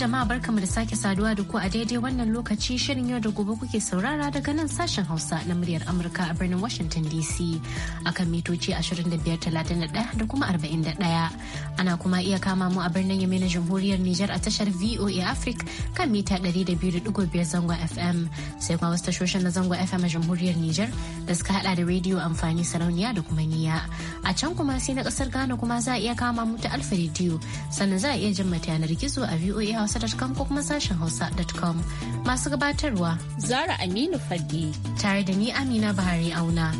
jama'a barkamu da sake saduwa da ku a daidai wannan lokaci shirin yau da gobe kuke saurara daga nan sashen Hausa na muryar Amurka a birnin Washington DC kan mitoci 2531 da kuma 41. Ana kuma iya kama mu a birnin Yamai na Jamhuriyar niger a tashar VOA Africa kan mita 200.5 zangon FM sai kuma wasu tashoshin na zangon FM a Jamhuriyar Nijar da suka hada da rediyo amfani sarauniya da kuma niya. A can kuma sai na kasar Ghana kuma za a iya kama mu ta Alfa rediyo sannan za a iya jin mata yanar gizo a VOA hausa.com ko kuma sashen hausa.com masu gabatarwa zara aminu fadi tare da ni amina bahari auna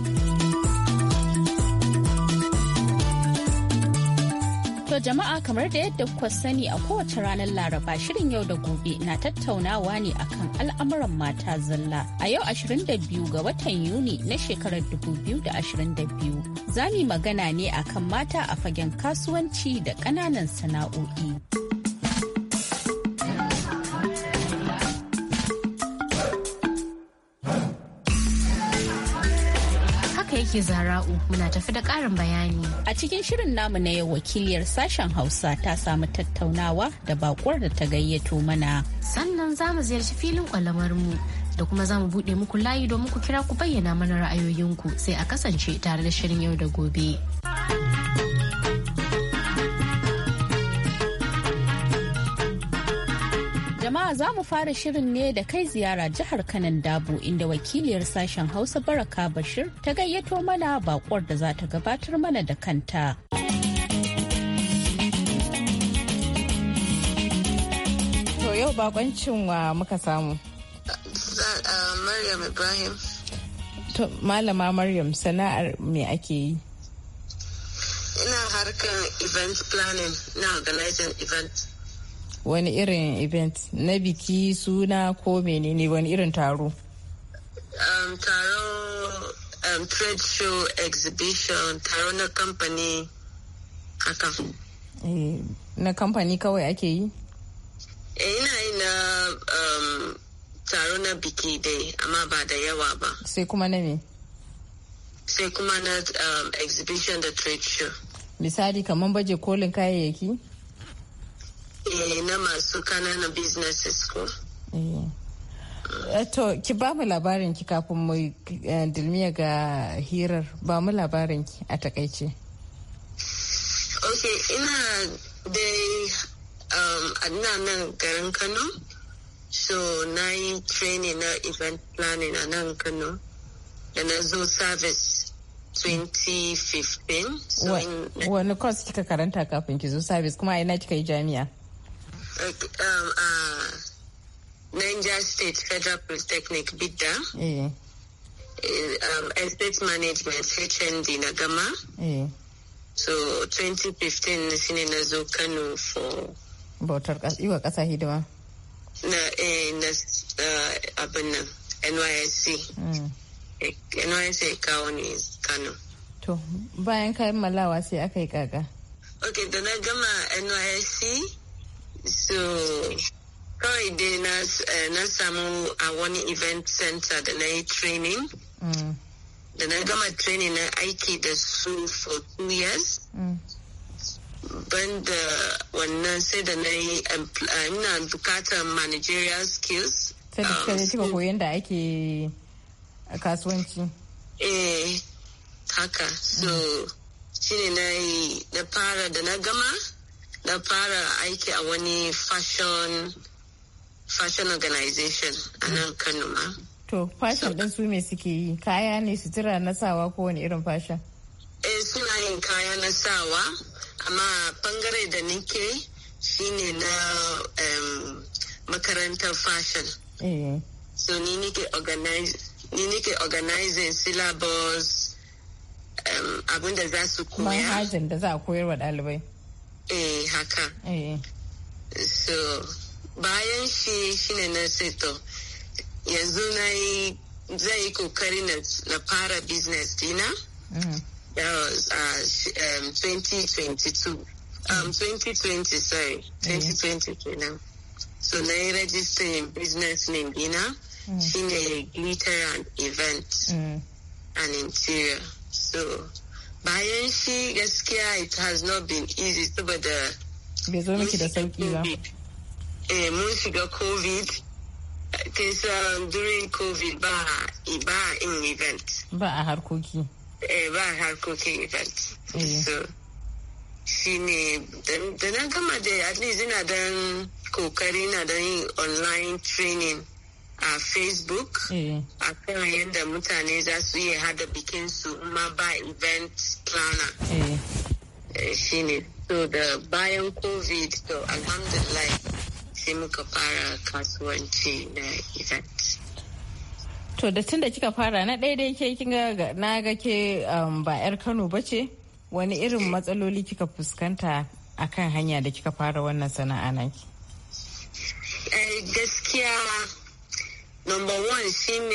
To jama'a kamar da yadda kuka sani a kowace ranar Laraba shirin yau da gobe na tattaunawa ne akan al'amuran mata zalla. A yau 22 ga watan Yuni na shekarar 2022 za mu magana ne akan mata a fagen kasuwanci da kananan sana'o'i. ke zara'u muna tafi da ƙarin bayani. A cikin shirin namu na yau wakiliyar sashen Hausa ta samu tattaunawa da bakuwar da ta gayyato mana. Sannan za mu ziyarci filin kwalamar mu da kuma za mu buɗe muku layi domin ku kira ku bayyana mana ra'ayoyinku sai a kasance tare da shirin yau da gobe. Jama'a za mu fara shirin ne da kai ziyara jihar Kanan dabu inda wakiliyar sashen Hausa Baraka Bashir ta gayyato mana bakwar da za ta gabatar mana da kanta. To yau bakoncin wa muka samu. Maryam Ibrahim. To Malama Maryam sana'ar me ake yi? Ina harkar event planning na organizing event. wani irin event na biki suna ko menene wani irin taro um, taro um, trade show exhibition taro na kamfani haka e, na kamfani kawai ake yi e, ina yi na um, taro na biki dai amma ba da yawa ba sai kuma na me sai kuma na um, exhibition da trade show misali kamar baje kolin kayayyaki masu kananan businesses ko eh. Eh, to ki ba mu labarin ki kafin mu eh, dilmiya ga hirar ba mu labarin ki a takaice ok ina da um, nan garin kano so na yi training na event planning a nan kano da na zo service 2015 wani course kika karanta kafin ki zo service kuma ina kika yi jami'a Um, uh, Niger State Federal Polytechnic Bidda. Yeah. Eh, um, estate management HND Nagama. gama. Yeah. So 2015 shine na zo Kano for bautar iwa kasa hidima. Na eh na uh, abin nan NYSC. Mm. Eh, NYSC kawo ne Kano. To bayan kayan malawa sai aka yi kaka. Okay, da na gama NYSC so kawai dai eh, na samu a wani event center da na yi training mm. da na gama training na aiki da su for two years mm. banda wannan sai da na yi eh, ina bukatar managerial skills sai da kika um, koyon da ake kasuwanci eh haka so mm. shine na yi na fara da na gama na fara aiki a wani fashion fashion organization a nan kano ma to fashion din su me suke yi kaya ne sutura na sawa ko wani irin fashion eh suna yin kaya na sawa amma bangare da nike shine na um, makarantar fashion eh. so ni nike organize ni nike organizing syllabus um, da za su koya manhajin da za a koyar wa ɗalibai eh haka eh. so bayan shi shine na to yanzu na yi zai kokari na fara business dina mm. that was uh, um, 2022 um, 2020 mm. sorry 2020 eh. kenan so na yi in business name dina mm. shine glitter and event and interior so bayan shi gaskiya it has not been easy saboda bai zo miki da sauki ba eh mun shiga covid kinsan during covid ba ba in event ba a harkoki eh ba a harkokin event eh. so shi ne da na gama da at least ina dan kokari na dan yin online training a facebook eh. a kan yadda mutane za su iya hada bikinsu ma ba event planner eh. Eh, shine so da bayan covid to alhamdulillah sai muka fara kasuwanci na event to da tun da kika fara na ɗaya dai ke na ga ke um, ba 'yar kano ba ce wani irin matsaloli kika fuskanta a kan hanya da kika fara wannan sana'a naki gaskiya Number one shine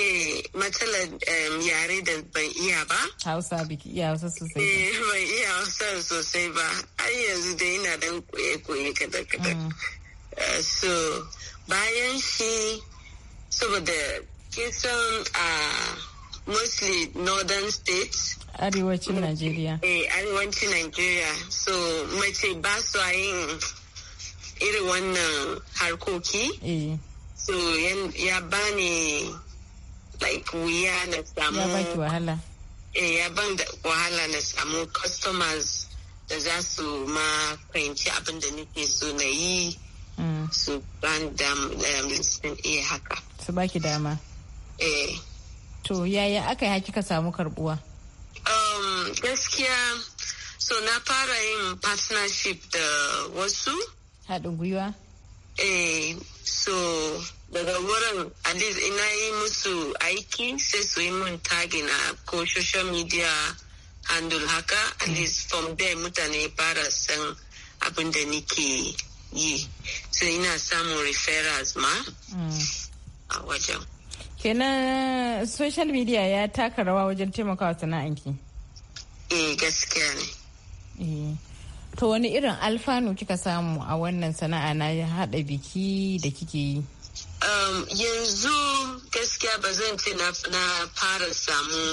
matsalar um, yare da ban iya ba. Hausa biki iya Hausa sosai. Eh ban iya Hausa sosai ba. Har yanzu dai ina dan koye-koye kadan-kadan. Mm. Eh, so bayan shi saboda kisan a ah, mostly northern states. Arewacin nigeria. Eh arewacin Najeriya. So mace ba su yin irin wannan harkoki. Eh. so ya bani like wuya na samu ya baki wahala eh ya ban da wahala na samu customers da za su ma fahimci abin da nake so na yi mm. su ban dam um, listening iya eh, haka su baki dama eh to yaya aka yi kika samu karbuwa um gaskiya so na fara yin partnership da wasu haɗin gwiwa eh so daga wurin at least ina yi musu aiki sai su yi mun tagin a ko social media handle haka at mm. least from there mutane fara san abin da nike yi so ina samun referrals ma mm. a wajen kenan social media ya taka rawa wajen taimakawa sana'anki eh gaskiya ne eh. to wani irin alfanu kika samu a wannan sana'a na haɗa biki da kike yi um, yanzu gaskiya ba zan ce na, na fara samu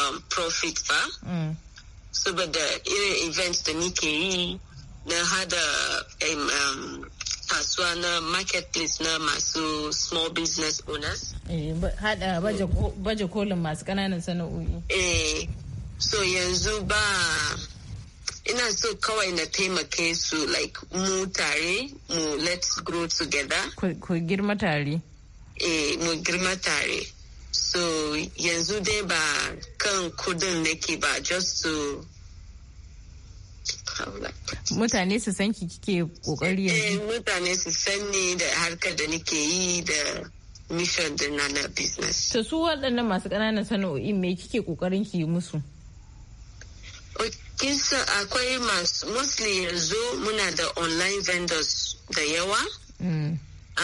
um, profit ba mm. saboda irin events da nike yi na hada um, kasuwa na marketplace na masu small business owners. Eh, hada baje kolin masu kananan sana'o'i. Eh, so yanzu ba ina so kawai na taimake su like mu tare mu let's grow together ku girma tare eh mu girma tare so yanzu dai ba kan kudin nake ba just to mutane su san ki kike kokari eh, yanzu mutane su san ni da harkar da nake yi da mission din na na business to su waɗannan masu ƙananan sana'o'in me kike kokarin ki yi musu kin san akwai masu mostly yanzu muna da online vendors da yawa mm.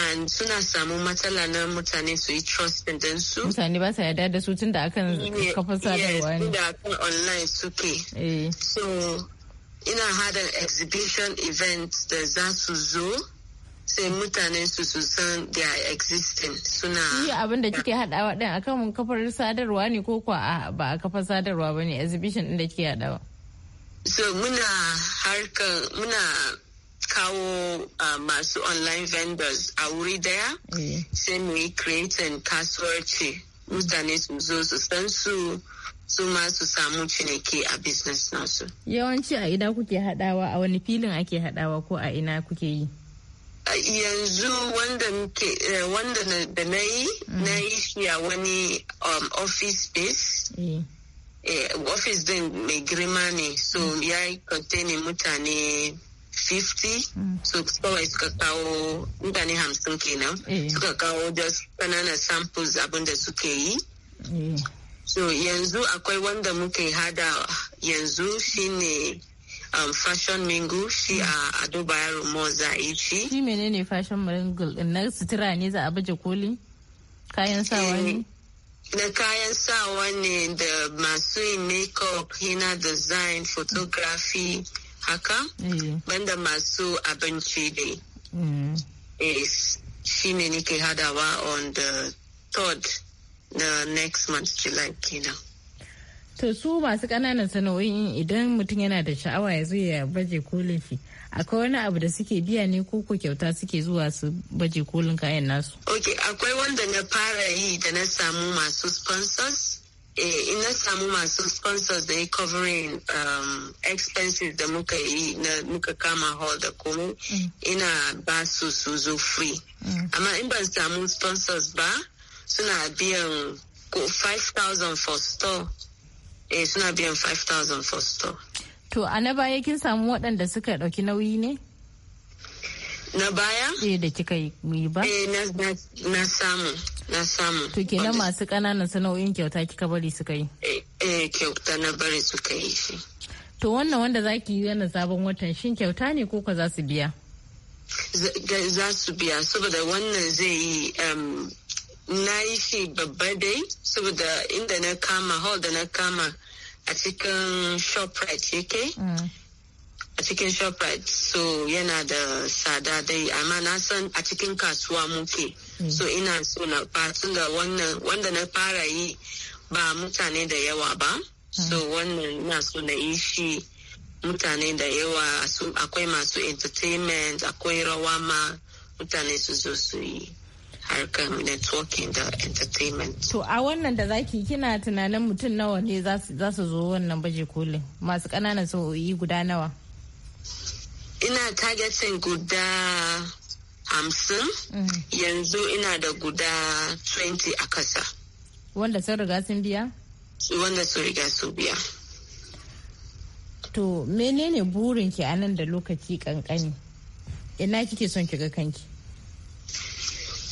and suna samu matsala na mutane su yi trust din su mutane ba sa yarda da su tun da akan kafar sadarwa ne da akan online suke eh. so ina hada exhibition event da za su zo sai mutane su su san their existing suna shi abin da kike hadawa din akan kafar sadarwa ne ko kwa ba a kafar sadarwa bane exhibition din da kike hadawa so muna harkar muna kawo uh, masu online vendors a wuri daya eh. sai mu yi creating kasuwarci mutane su zo su san su su ma su samu ciniki a business nasu. Yawanci a ina kuke hadawa a wani filin ake hadawa ko a ina kuke yi? Yanzu wanda eh, da na yi mm. na yi shi a wani um, office space. Yeah. Eh, office din mai girma ne so mm. ya yi containing mutane 50 mm. so kawai suka kawo mutane hamsin kenan eh. suka kawo just kanana samples abinda suke yi eh. so yanzu akwai wanda muke hada yanzu shine um, fashion mingu shi mm. a ado bayar moza ichi shi menene fashion mingle na sutura ne za a baje koli kayan sawa ne na kayan sawa ne da masu yin makeup hina design photography haka eh. banda masu abinci dai mm. eh, shi ne nake hadawa on the third na next month july kenan to su masu ƙananan sana'o'i idan mutum yana da sha'awa ya zo ya baje kolin shi akwai wani abu da suke biya ne ko ko kyauta suke zuwa su baje kolin kayan nasu ok akwai wanda na fara yi da na samu masu sponsors eh, ina samu masu sponsors da ya covering um, expenses da muka yi na muka kama hall da kuma mm. ina ba su su zo free mm. amma in ban samu sponsors ba suna biyan 5000 for store eh suna biyan 5000 for store to a na baya kin samu waɗanda suka ɗauki nauyi ne na baya eh da kika yi ba eh na, na, na samu na samu to kenan masu ƙananan sana'o'in kyauta kika bari suka yi eh, eh kyauta na bari suka yi shi to wannan wanda za ki yi wannan sabon watan shin kyauta ne ko ka za su biya za su biya saboda wannan zai yi um, na yi shi babba dai saboda inda na kama hall da na kama a cikin shoprite yake mm. a cikin shoprite so yana da tsada dai amma na san a cikin kasuwa muke mm. so ina so na fatun da wanda na fara yi ba mutane da yawa ba mm. so wannan ina so na yi shi mutane da yawa akwai masu entertainment akwai rawa ma mutane su zo su yi harkar networking da entertainment. To a wannan da zaki kina tunanin mutum nawa ne za su zo wannan baje kolin masu ƙananan sau'o'i guda nawa? Ina targeting guda hamsin mm. yanzu ina da guda 20 a kasa. Wanda sun riga sun biya? Wanda sun riga su biya. To menene burinki a nan da lokaci kankani? Ina kike son kiga kanki?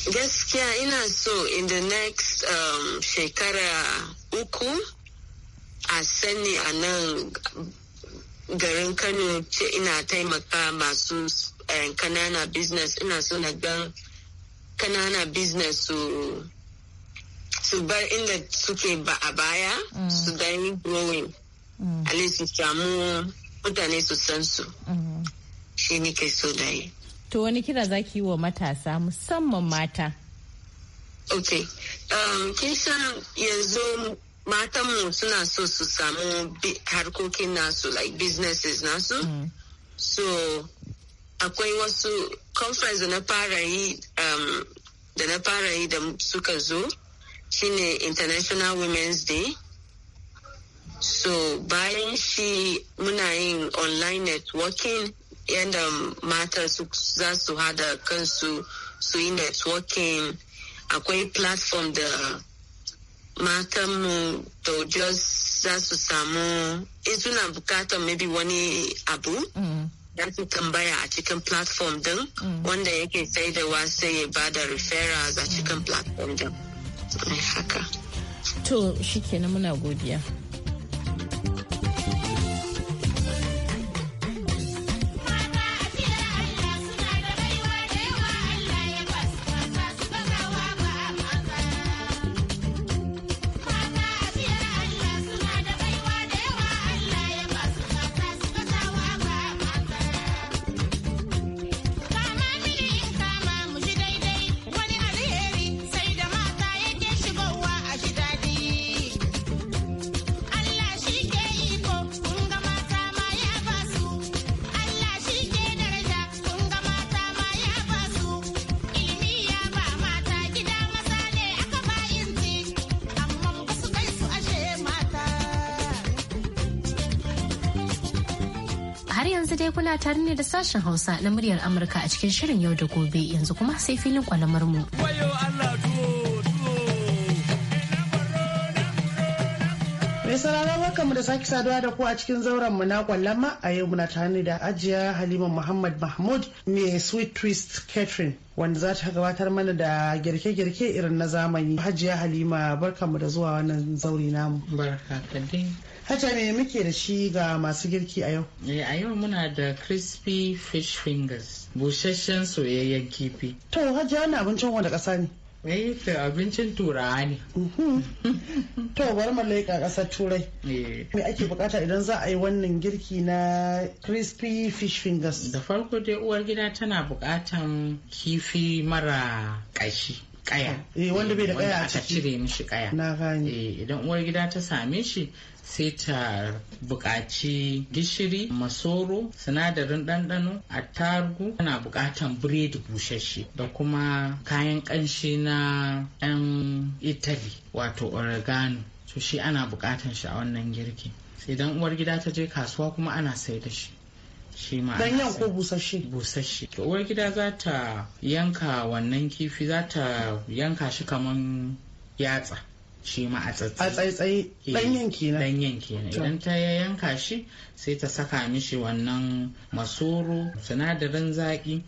Gaskiya ina so in the next um, shekara uku a sani a nan garin Kano ce ina taimaka masu um, kanana business ina so na gan kanana business su su bar inda suke ba a baya mm. su dan growing mm. samu mutane su san su mm-hmm. shi ke so da yi To wani kira za ki yi wa matasa musamman mata? Ok, um, kin san yanzu matanmu suna so su samu harkokin nasu like businesses nasu. Mm. So akwai wasu conference da um, da na fara yi da suka zo shine International Women's Day. So bayan shi muna yin online networking yadda mata za su hada kansu su yi networking akwai platform da matanmu mu just za su samu in suna bukatar maybe wani abu mm. su tambaya a cikin platform din mm. wanda yake da wasu ya ba da referrals a cikin mm. platform din To shi kenan muna godiya sai kuna tare ne da sashen Hausa na muryar Amurka a cikin shirin yau da gobe yanzu kuma sai filin kwalamar mu. Mai sauraron barkanmu da sake saduwa da ku a cikin zauren mu na kwallama a yau muna tare da ajiya Halima Muhammad Mahmud mai Sweet Twist Catering wanda za ta gabatar mana da girke-girke irin na zamani. Hajiya Halima barkanmu da zuwa wannan zauri namu. Barka Hata me muke da shi ga masu girki a yau? Eh, a yau muna da crispy fish fingers, busasshen soyayyen kifi. To, hajji wani abincin wanda ƙasa ne? Eh, to abincin turawa ne. Mhm. To, bari mu leƙa ƙasar turai. Eh. Me ake bukata idan za a yi wannan girki na crispy fish fingers? Da farko dai uwar gida tana bukatan kifi mara ƙashi. Kaya. Eh, wanda bai da kaya eh, a ciki. Wanda aka cire mishi kaya. Na gani. Eh, idan uwar gida ta same shi, sai ta buƙaci gishiri masoro sinadarin ɗanɗano targu tana buƙatan biredi busasshe da kuma kayan ƙanshi na 'yan italy wato oregano to shi ana buƙatan shi a wannan girki idan uwar gida ta je kasuwa kuma ana sai da shi shi ma ganyen ko busasshe to uwar gida za ta yanka wannan kifi za ta yanka shi kaman yatsa shi ma a tsatsai eh, ɗanyen kenan ɗanyen kenan idan ta yanka shi sai ta saka mishi wannan masoro sinadarin zaƙi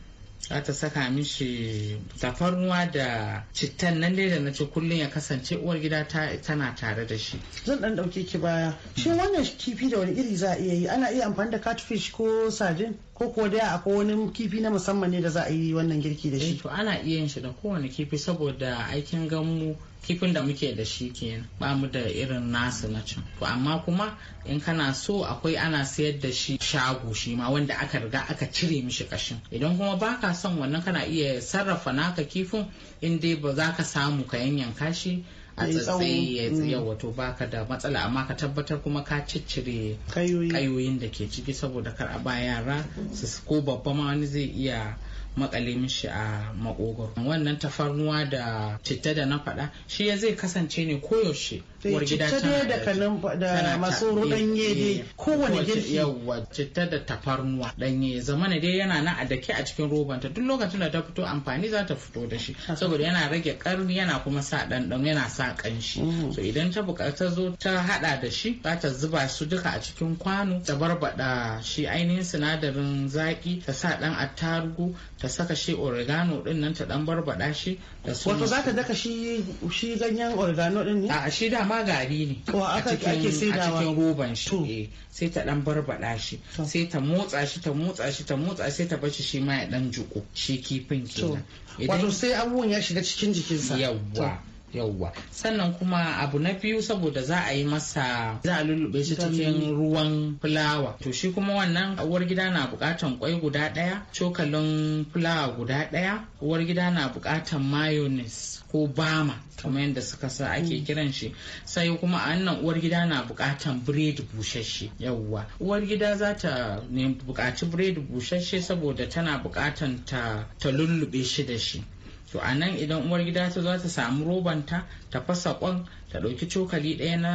za ta saka mishi tafarnuwa da cittan nan dai da na ce kullum ya kasance uwar gida tana tare da shi zan dan dauke ki baya shi wannan kifi da wani iri za a iya yi ana iya amfani da catfish ko sardine ko ko da akwai wani kifi na musamman ne da za a yi wannan girki da shi eh, to ana iya yin shi da kowane kifi saboda aikin gammu kifin da muke da shi kenan ba mu da irin nasu na can to amma kuma in kana so akwai ana sayar da shi shago shi ma wanda aka riga aka cire mishi kashin idan kuma baka son wannan kana iya sarrafa naka kifin in dai ba za ka samu ka yanyanka shi a tsatsayi ya mm. tsaye wato baka da matsala amma ka tabbatar kuma ka ciccire kayoyin da ke ciki saboda kar a ba yara su ko babba ma wani zai iya makale mishi a makogoro wannan tafarnuwa da citta da na faɗa shi ya zai kasance ne koyaushe sai citta dai da kanin da masoro danye dai kowane girki yawa citta da tafarnuwa danye zamana dai yana nan a dake a cikin robanta duk lokacin da ta fito amfani za ta fito da shi saboda yana rage karni yana kuma sa ɗanɗan yana sa ƙanshi mm. so idan ta bukata zo ta haɗa da shi za ta zuba su duka a cikin kwano ta barbaɗa shi ainihin sinadarin zaƙi ta sa ɗan attarugu ta saka shi oregano din nan ta ɗan barbada shi wato za ta daka shi ganyen oregano din ne a shi dama ma gari ne a cikin roban shi eh, sai ta dan barbada shi sai ta motsa shi ta motsa shi ta motsa sai ta bashi shi ma ya dan juko shi kifin kenan wato sai abubuwan ya shiga cikin jikinsa yawwa yauwa sannan kuma abu na biyu saboda za a yi masa za a lullube shi cikin ruwan fulawa to shi kuma wannan uwar gida na bukatan kwai guda ɗaya cokalin fulawa guda ɗaya uwar gida na bukatan mayonis ko bama kamar yadda suka sa ake mm. kiran shi sai kuma annan uwar gida na bukatan biredi bushashe yauwa uwar gida za ta bukaci biredi bushashe saboda tana bukatan ta lullube shi da shi to a nan idan uwar gida ta za ta samu robanta ta fasa kwan ta ɗauki cokali ɗaya na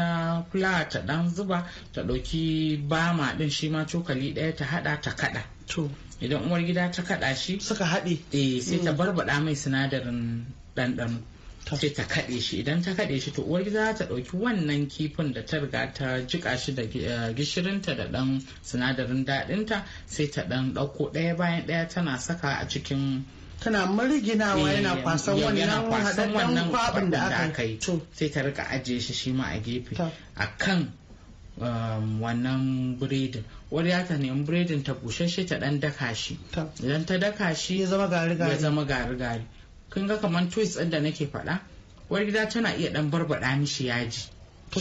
fulawa ta ɗan zuba ta ɗauki bama ɗin shi ma cokali ɗaya ta haɗa ta kaɗa idan uwar gida ta kaɗa shi suka haɗe eh sai ta hmm. barbaɗa mai sinadarin ɗanɗano sai ta kaɗe shi idan ta kaɗe shi to uwar gida ta ɗauki wannan kifin da ta riga ta jiƙa shi da eh, gishirinta da ɗan sinadarin daɗinta sai ta ɗan ɗauko ɗaya bayan ɗaya tana saka a cikin tana mariginawa eh, yana kwasan wannan kwabin da aka yi sai ta rika ajiye shi shi ma a gefe a kan um, wannan biredin wani ya ta nemi biredin ta shi ta dan daka shi idan ta daka shi ya zama gari gari kun ga kamar twist din da nake faɗa wani gida tana iya dan barbaɗa mishi yaji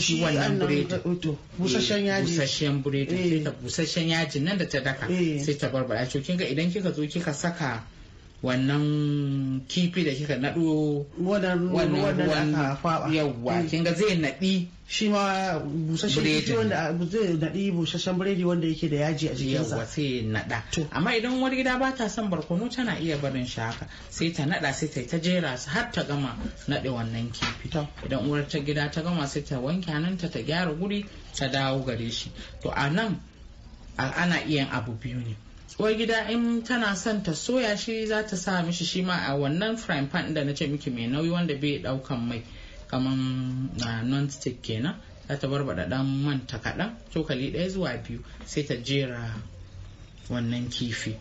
shi wannan buredin eh, busasshen eh, yaji busasshen buredin sai ta busasshen yaji nan da ta daka sai ta barbaɗa cokin kin ga idan kika zo kika saka wannan kifi da kika naɗo wannan ruwan yawwa mm. kinga zai naɗi shi ma busasshen zai naɗi busasshen biredi wanda yake da yaji a jikinsa yawwa sai naɗa amma idan wani gida ba ta son barkono tana iya barin shi haka sai ta naɗa sai ta ta jera su har ta gama naɗe wannan kifi idan uwar ta gida ta gama sai ta wanke hannunta ta gyara guri ta dawo gare shi to a nan ana iya abu biyu ne uwar gida in tana son ta soya shi za ta sa mishi shi ma a wannan frying pan da na ce miki mai nauyi wanda bai daukan mai kaman non stick kenan za ta barbada dan manta kaɗan cokali ɗaya zuwa biyu sai ta jera wannan kifi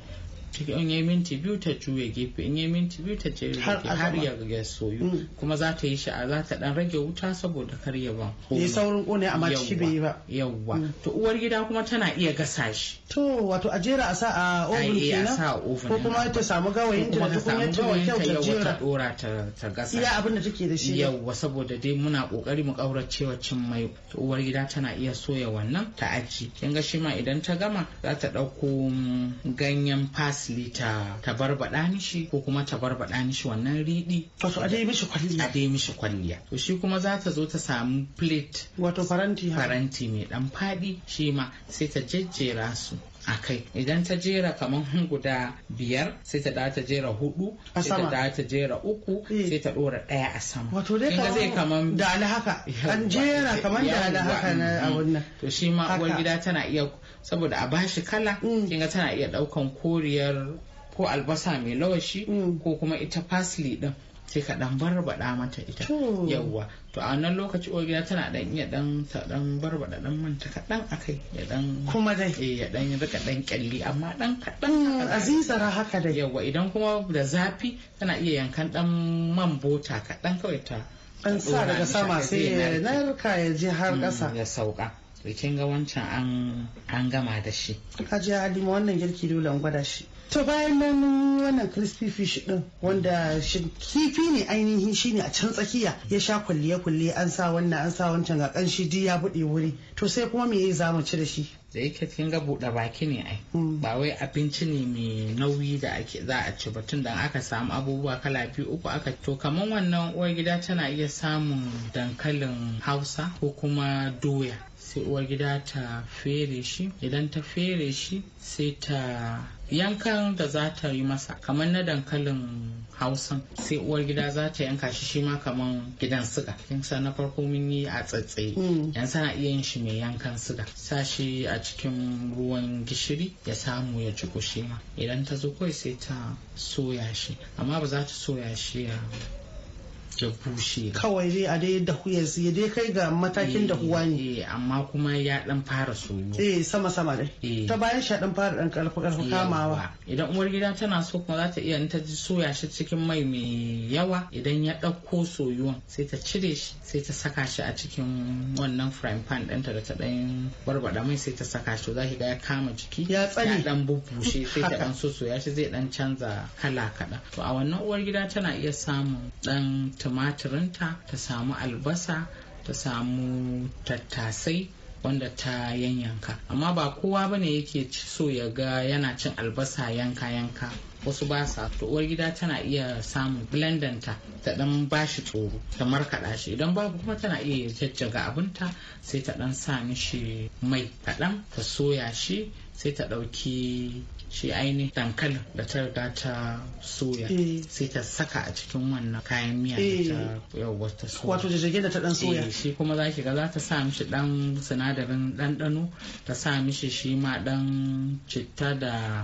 cikin in yi minti biyu ta juye gefe in yi minti biyu ta je har ya ga soyu mm. kuma za ta yi shi a za ta dan rage wuta saboda kar ya ban ne saurin kone amma ciki bai yi ba yawwa mm. to uwar gida kuma tana iya gasa shi to wato a jera a sa a oven kenan ko kuma ta samu gawayin ta da tukunyar ta samu gawayin ta jera ta dora ta ta gasa iya abin da take da shi yawwa saboda dai muna kokari mu kaura cewa cin mai to uwar gida tana iya soya wannan ta aji kin ga shi ma idan ta gama za ta dauko mm, ganyen fas asali ta barbaɗa mishi ko kuma ta barbaɗa mishi wannan riɗi. Wato a dai mishi kwalliya. A dai mishi kwalliya. To shi kuma za ta zo ta samu plate. Wato faranti. Faranti mai ɗan faɗi shi ma sai ta jejjera su. a kai idan ta jera kamar guda biyar sai ta da ta jera hudu sai ta da ta jera uku eh. sai ta dora daya a sama wato dai kamar zai kamar da alhaka an jera kamar da alhaka na a wannan to shi ma uwar gida tana iya saboda a bashi kala mm. kinga tana iya daukan koriyar ko albasa mai lawashi mm. ko kuma ita parsley din sai ka dan barbada mata ita yawwa to a wannan lokaci ogiya tana dan iya dan ta dan barbada dan manta kadan akai ya dan kuma dai eh ya dan rika dan kyalli amma dan kadan mm, azizara haka dai yawwa idan kuma da zafi tana iya yankan dan man bota kadan kawai ta an sa daga sama sai ya narka ya je har kasa ya sauka kin ga wancan an gama da shi hajiya halima wannan girki dole an gwada shi to bayan nan wannan crispy fish din wanda shi kifi ne ainihin shi ne a can tsakiya ya sha kulliye kulliya an sa wannan an sa wancan ga kanshi shi ya buɗe wuri to sai kuma me yayi zamu ci da shi da yake kin ga buɗe baki ne ai hmm. ba wai abinci ne mai nauyi da ake za a ci ba tunda aka samu abubuwa kala biyu uku aka to kamar wannan uwar gida tana iya samun dankalin hausa ko kuma doya sai uwar gida ta fere shi idan ta fere shi sai ta yankan da za ta yi masa kamar na dankalin hausan sai uwar gida za ta yanka shi shi ma kamar gidan siga kinsa na farko mun yi a tsatsaye mm. yan sana iya yin shi mai yankan siga sa shi a cikin ruwan gishiri ya samu ya jiku shi ma idan ta zo kawai sai ta soya shi amma ba za ta soya shi ya ta bushe kawai zai a dai da ya dai kai ga matakin eh, da huwa ne eh, amma kuma ya dan fara soyo eh sama sama dai eh. ta bayan shi dan fara dan karfi karfi kamawa idan uwar gida tana so kuma za ta iya in ta ji soya shi cikin mai mai yawa idan ya dauko soyuwan sai ta cire shi sai ta saka shi a cikin wannan frying pan ɗinta da ta dan barbada mai sai ta saka shi za ga ya kama jiki ya tsani dan bubbushe sai ta dan soya shi zai dan canza kala kaɗan to a wannan uwar gida tana iya samun dan tumaturinta ta samu albasa ta samu tattasai wanda ta yanyanka amma ba kowa bane yake so ya ga yana cin albasa yanka yanka wasu ba sa to uwar gida tana iya samun blendanta ta dan bashi tsoro ta markaɗa shi idan babu kuma tana iya jajjaga abinta sai ta dan sa mishi mai kaɗan ta soya shi sai ta ɗauki shi aini. dankalin da ta riga ta soya eh. sai ta saka a cikin wannan kayan miya da ta eh. yawwa soya wato jajjage da ta dan soya eh, shi kuma za ki ga za ta sa mishi dan sinadarin ɗanɗano ta sa mishi shi ma dan citta da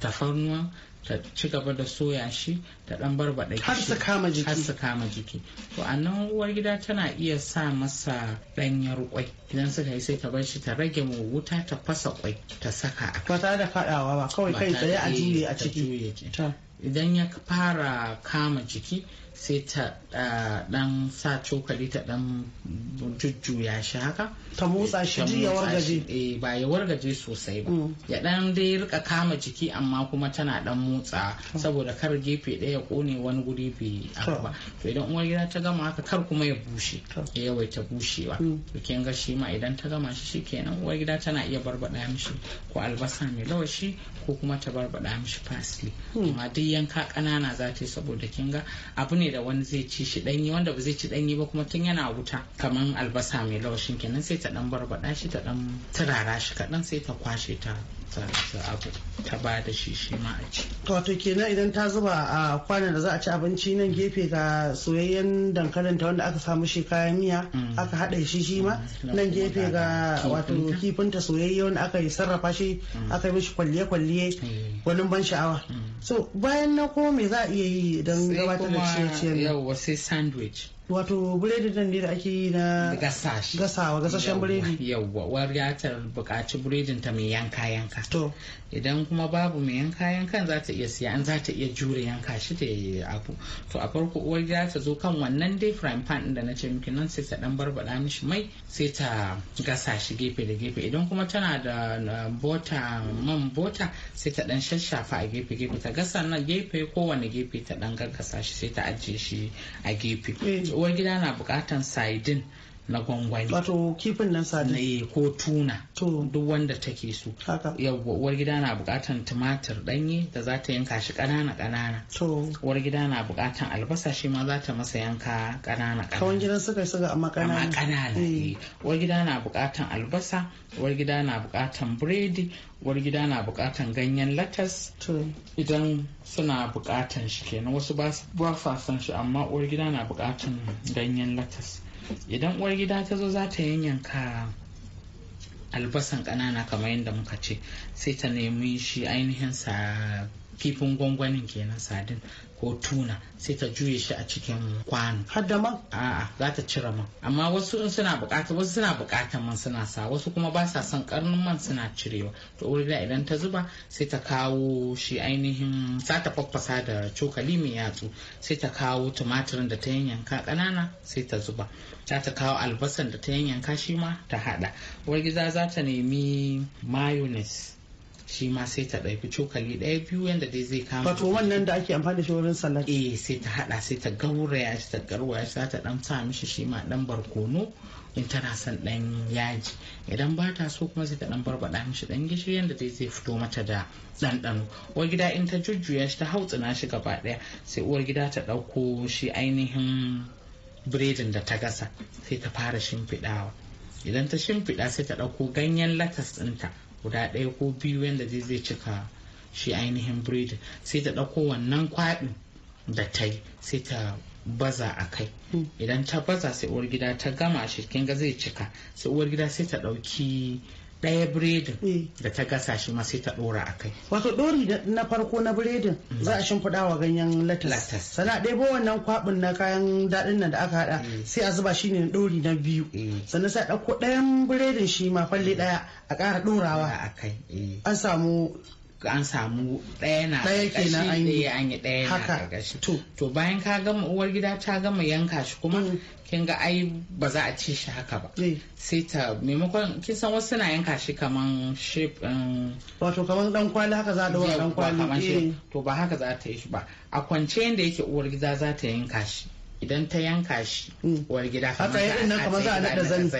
tafarnuwa ta ci gaba da soya shi ta dan barbaɗa har su kama jiki har su kama jiki to a nan uwar gida tana iya sa masa ɗanyar kwai idan suka yi sai ta bar shi ta rage mu wuta ta fasa kwai ta saka a ba tare da fadawa ba kawai kai tsaye a eh, juye a ciki idan ya fara kama jiki sai ta ah, dan sa cokali ta dan jujjuya shi haka ta motsa shi ji ya wargaje eh ba ya wargaje sosai ba mm. ya dan dai rika kama jiki amma kuma tana dan motsa saboda kar gefe ɗaya ya kone wani guri bai ba to idan uwar gida ta gama haka kar kuma ya bushe ya yawaita bushewa mm. to kin ga shi ma idan ta gama shi shikenan uwar gida tana iya barbada mishi ko albasa mai lawashi ko kuma ta barbada mishi parsley mm. amma duk yanka kanana za yi saboda kin ga abu ne da wani zai ci shi danyi wanda ba zai ci danyi ba kuma tun yana wuta kaman albasa mai laushin kenan sai ta dan barbada shi ta ɗan turara shi kaɗan sai ta kwashe ta ta ba da shi shi ma a ci. Wato kenan idan ta zuba a kwanan da za a ci abinci nan gefe ga soyayyen dankalin ta wanda aka samu shi kayan miya mm. aka haɗa shi shi ma mm. nan gefe ga wato kifinta soyayye wanda aka yi sarrafa shi mm. aka yi mishi kwalliye-kwalliye eh. gwanin ban sha'awa. So bayan na ko me za a iya yi don gabatar da ciye-ciyen. sai sandwich. wato buredi nan ne da ake yi na gasashi gasawa gasashen biredi yawwa ya ta buƙaci biredin ta mai yanka yanka to idan kuma babu mai yanka yankan za ta iya siya an za ta iya jure yanka shi da abu to a farko uwar gida ta zo kan wannan dai frying pan da na ce miki nan sai ta dan barbada mishi mai sai ta gasa shi gefe da gefe idan kuma tana da bota man bota sai ta dan shashafa a gefe gefe ta gasa nan gefe kowane gefe ta dan gaggasa shi sai ta ajiye shi a gefe eh. uwar gida na bukatan saidin na gwangwani wato kifin nan ne eh, ko tuna To duk wanda take so yawwa uwar gida na bukatan tumatir danye da za ta yanka shi kanana kanana uwar gida na bukatan albasa shi ma za ta masa yanka kanana kanana kawai gidan suka suka amma kanana amma kanana eh. eh. uwar gida na bukatan albasa uwar gida na bukatan biredi uwar gida na bukatan ganyen latas idan suna bukatan shi kenan wasu ba sa son shi amma uwar gida na bukatan ganyen latas idan uwar gida ta zo za ta yanyanka albasan kanana kamar yadda muka ce sai ta nemi shi ainihin sa kifin gwangwanin kenan sadin ko tuna sai ta juye shi a cikin kwano har da man a'a za ta cire man amma wasu in suna bukata wasu suna bukatan man suna sa wasu kuma ba sa son karnin man suna cirewa to wuri da idan ta zuba sai ta kawo shi ainihin sa ta faffasa da cokali mai yatsu sai ta kawo tumatirin da ta yanyanka kanana sai ta zuba za ta kawo albasan da ta yanyanka shi ma ta hada Wargiza za ta nemi mayonnaise shi ma sai ta ɗauki cokali ɗaya biyu yadda dai zai kama wato wannan da ake amfani da shi wurin salat eh sai ta hada sai ta gauraya shi ta garwaya shi ta dan sa mishi shi ma dan barkono in tana son dan yaji idan ba ta so kuma sai ta dan barbada mishi dan gishiri yadda dai zai fito mata da ɗanɗano uwar gida in ta jujjuya shi ta hautsina shi gaba ɗaya sai uwar gida ta ɗauko shi ainihin biredin da ta gasa sai ta fara shimfiɗawa idan ta shimfiɗa sai ta ɗauko ganyen latas ɗinta guda ɗaya ko biyu yadda zai zai cika shi ainihin breed sai ta ɗauko wannan kwaɗin da ta yi sai ta baza a kai hmm. idan ta baza sai uwar gida ta gama shi kinga zai cika sai uwar gida sai ta ɗauki ɗaya biredin eh. da ta gasa shi ma sai ta ɗora a kai. Wato ɗori na farko na biredin mm. za a shimfiɗa wa ganyen latas. Sana ɗebo wannan kwabin na kayan daɗin nan da aka haɗa mm. sai a zuba shi ne ɗori na biyu. Mm. Sannan sai a ɗauko ɗayan biredin shi ma falle ɗaya a ƙara ɗorawa. A kai. Eh. An samu an samu ɗaya na ɗaya an yi ɗaya na ƙarƙashi to bayan ka gama uwar gida ta gama yanka shi kuma kin ga ai ba za a ci shi haka ba eh. sai ta maimakon kin san wasu suna yanka shi kaman shape um, wato kaman dan kwali haka za a dawo dan kwali eh. to ba haka za ta yi shi ba a kwance yanda yake uwar gida za ta yanka shi idan ta yanka shi hmm. uwar gida haka yi nan kamar za a nada zani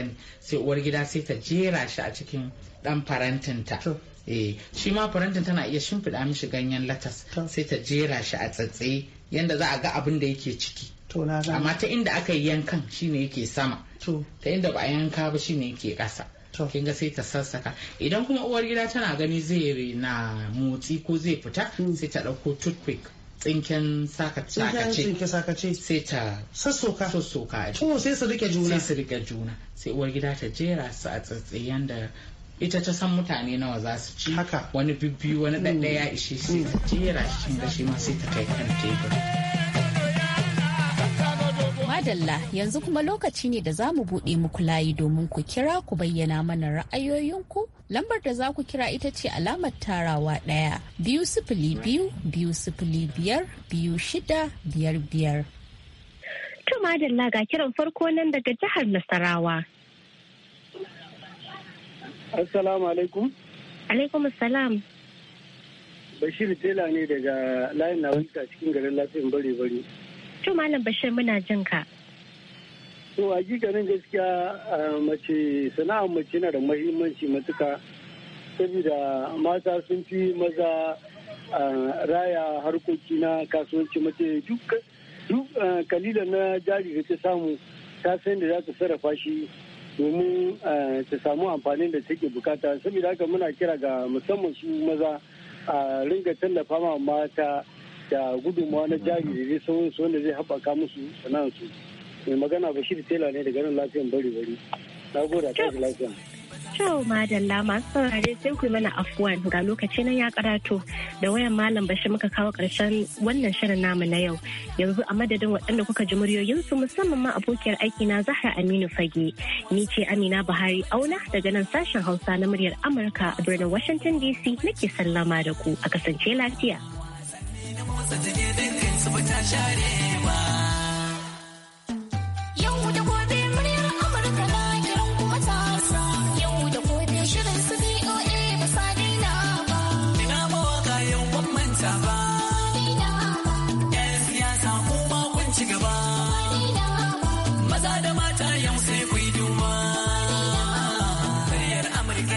sai uwar gida sai ta jera shi a cikin dan farantinta eh shi ma farantin tana iya shimfiɗa mishi ganyen latas sai ta jera shi a tsatsaye yanda za a ga abin da yake ciki amma ta inda aka yi yankan shine yake sama ta inda ba a yanka ba shine yake ƙasa kinga sai ta sassaka idan kuma uwar gida tana gani zai na motsi ko zai fita hmm. sai ta ɗauko toothpick tsinken sakace sai ta sassoka sassoka sai su rike juna sai su rike juna sai uwar gida ta jera su a tsatsayen da ita ta san mutane nawa za su ci haka wani bibbi wani ya ishe shi mm. ta jera shi cikin gashi ma sai ta kai kan tebur. Madalla yanzu kuma lokaci ne da za mu buɗe muku layi domin ku kira ku bayyana mana ra'ayoyinku. Lambar da za ku kira ita ce alamar tarawa ɗaya biyu sifili biyu biyu sifili biyar biyu shida biyar biyar. To Madalla ga kiran farko nan daga jihar Nasarawa. Assalamu alaikum. Alaikum assalam. Bashir Tela ne daga layin na wanka cikin garin lafiyan bare bare. To Malam Bashir muna jin ka. To a ganin gaskiya mace sana'ar mace na da mahimmanci matuka saboda mata sun fi maza raya harkoki na kasuwanci mace duk kalila na jari da ta samu ta san da za ta sarrafa shi domin eh, ta samu amfanin da take bukata saboda haka muna kira ga musamman su maza a ringa tallafa ma mata da gudunmawa na jari da zai sauran su wanda zai haɓaka musu sana'arsu mai magana bashir tela ne daga nan lafiyan bari bari na gode a lafiya To madalla masu saurare sai ku mana afuwan ga lokaci nan ya karato da wayan malam bashi muka kawo karshen wannan shirin namu na yau yanzu a madadin waɗanda kuka ji muryoyinsu musamman ma abokiyar aiki na Zahra Aminu Fage ni ce Amina Buhari Auna daga nan sashen Hausa na muryar Amurka a birnin Washington DC nake sallama da ku a kasance lafiya.